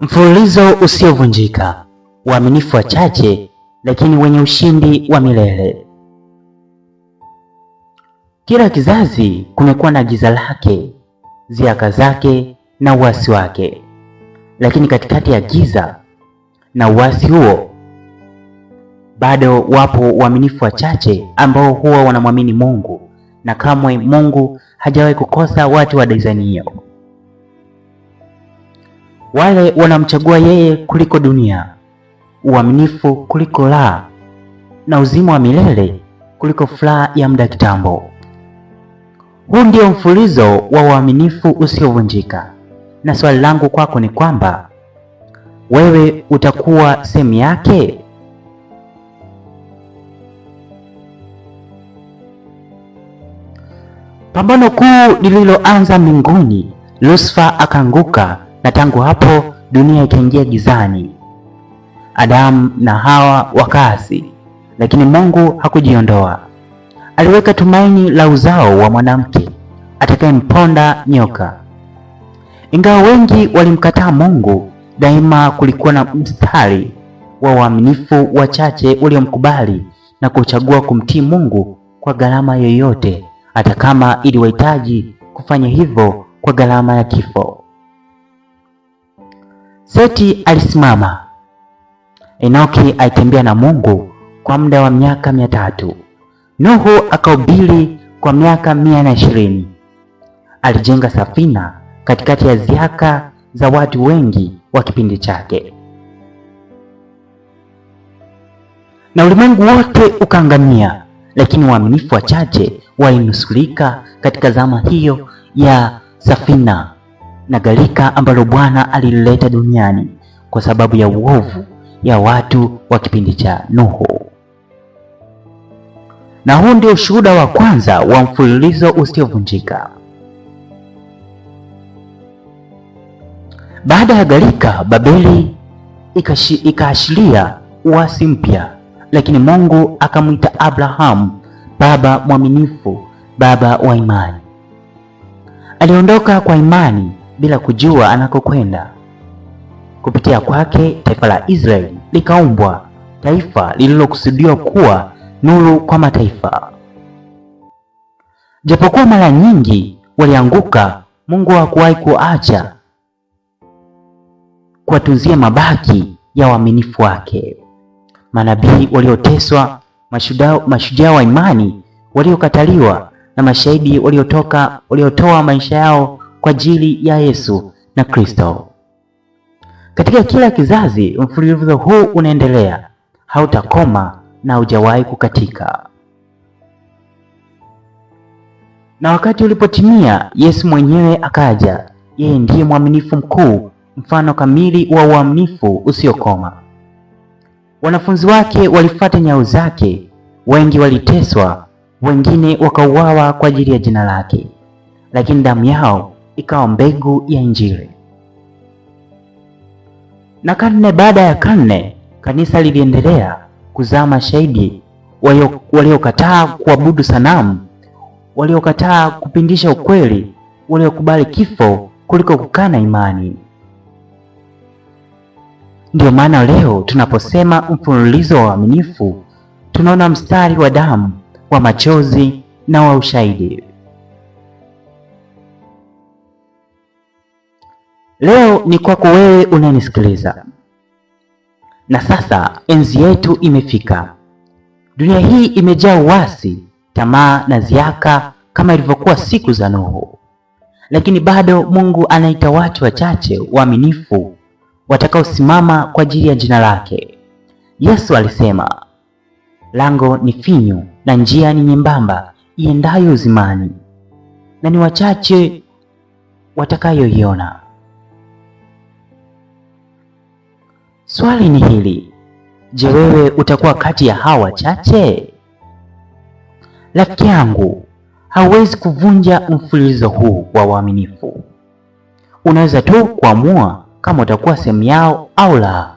Mfululizo usiovunjika, waaminifu wachache lakini wenye ushindi wa milele. Kila kizazi kumekuwa na giza lake, ziaka zake na uasi wake, lakini katikati ya giza na uasi huo bado wapo waaminifu wachache ambao huwa wanamwamini Mungu, na kamwe Mungu hajawahi kukosa watu wa design hiyo wale wanamchagua yeye kuliko dunia, uaminifu kuliko laa na uzima wa milele kuliko furaha ya muda kitambo. Huu ndio mfulizo wa uaminifu usiovunjika, na swali langu kwako ni kwamba wewe utakuwa sehemu yake? Pambano kuu lililoanza mbinguni, Lusifa akaanguka na tangu hapo dunia ikaingia gizani. Adamu na Hawa wakaasi, lakini Mungu hakujiondoa. Aliweka tumaini la uzao wa mwanamke atakayemponda nyoka. Ingawa wengi walimkataa Mungu, daima kulikuwa na mstari wa waaminifu wachache waliomkubali na kuchagua kumtii Mungu kwa gharama yoyote, hata kama iliwahitaji kufanya hivyo kwa gharama ya kifo. Seti alisimama. Enoki alitembea na Mungu kwa muda wa miaka mia tatu. Nuhu akahubiri kwa miaka mia na ishirini. Alijenga safina katikati ya ziaka za watu wengi wa kipindi chake, na ulimwengu wote ukaangamia, lakini waaminifu wachache walinusurika katika zama hiyo ya safina na gharika ambalo Bwana alilileta duniani kwa sababu ya uovu ya watu wa kipindi cha Nuhu. Na huu ndio ushuhuda wa kwanza wa mfululizo usiovunjika. Baada ya gharika, Babeli ikaashiria uasi mpya, lakini Mungu akamwita Abrahamu baba mwaminifu, baba wa imani. Aliondoka kwa imani bila kujua anakokwenda. Kupitia kwake taifa la Israeli likaumbwa, taifa lililokusudiwa kuwa nuru kwa mataifa. Japokuwa mara nyingi walianguka, Mungu hakuwahi kuacha kuwatunzia mabaki ya waminifu wake. Manabii walioteswa, mashujaa wa imani waliokataliwa na mashahidi waliotoka waliotoa maisha yao kwa ajili ya Yesu na Kristo. Katika kila kizazi, mfululizo huu unaendelea, hautakoma na haujawahi kukatika. Na wakati ulipotimia, Yesu mwenyewe akaja. Yeye ndiye mwaminifu mkuu, mfano kamili wa uaminifu usiokoma. Wanafunzi wake walifuata nyayo zake, wengi waliteswa, wengine wakauawa kwa ajili ya jina lake, lakini damu yao ikawa mbegu ya Injili. Na karne baada ya karne, kanisa liliendelea kuzaa mashahidi waliokataa kuabudu sanamu, waliokataa kupindisha ukweli, waliokubali kifo kuliko kukana imani. Ndiyo maana leo tunaposema mfululizo wa uaminifu, tunaona mstari wa damu, wa machozi na wa ushahidi. ni kwako wewe unayenisikiliza. Na sasa enzi yetu imefika. Dunia hii imejaa uasi, tamaa na ziaka kama ilivyokuwa siku za Nuhu, lakini bado Mungu anaita watu wachache waaminifu watakaosimama kwa ajili ya jina lake. Yesu alisema, lango ni finyu na njia ni nyembamba iendayo uzimani, na ni wachache watakayoiona. Swali ni hili, je, wewe utakuwa kati ya hawa wachache? Rafiki yangu, hauwezi kuvunja mfululizo huu wa waaminifu. Unaweza tu kuamua kama utakuwa sehemu yao au la.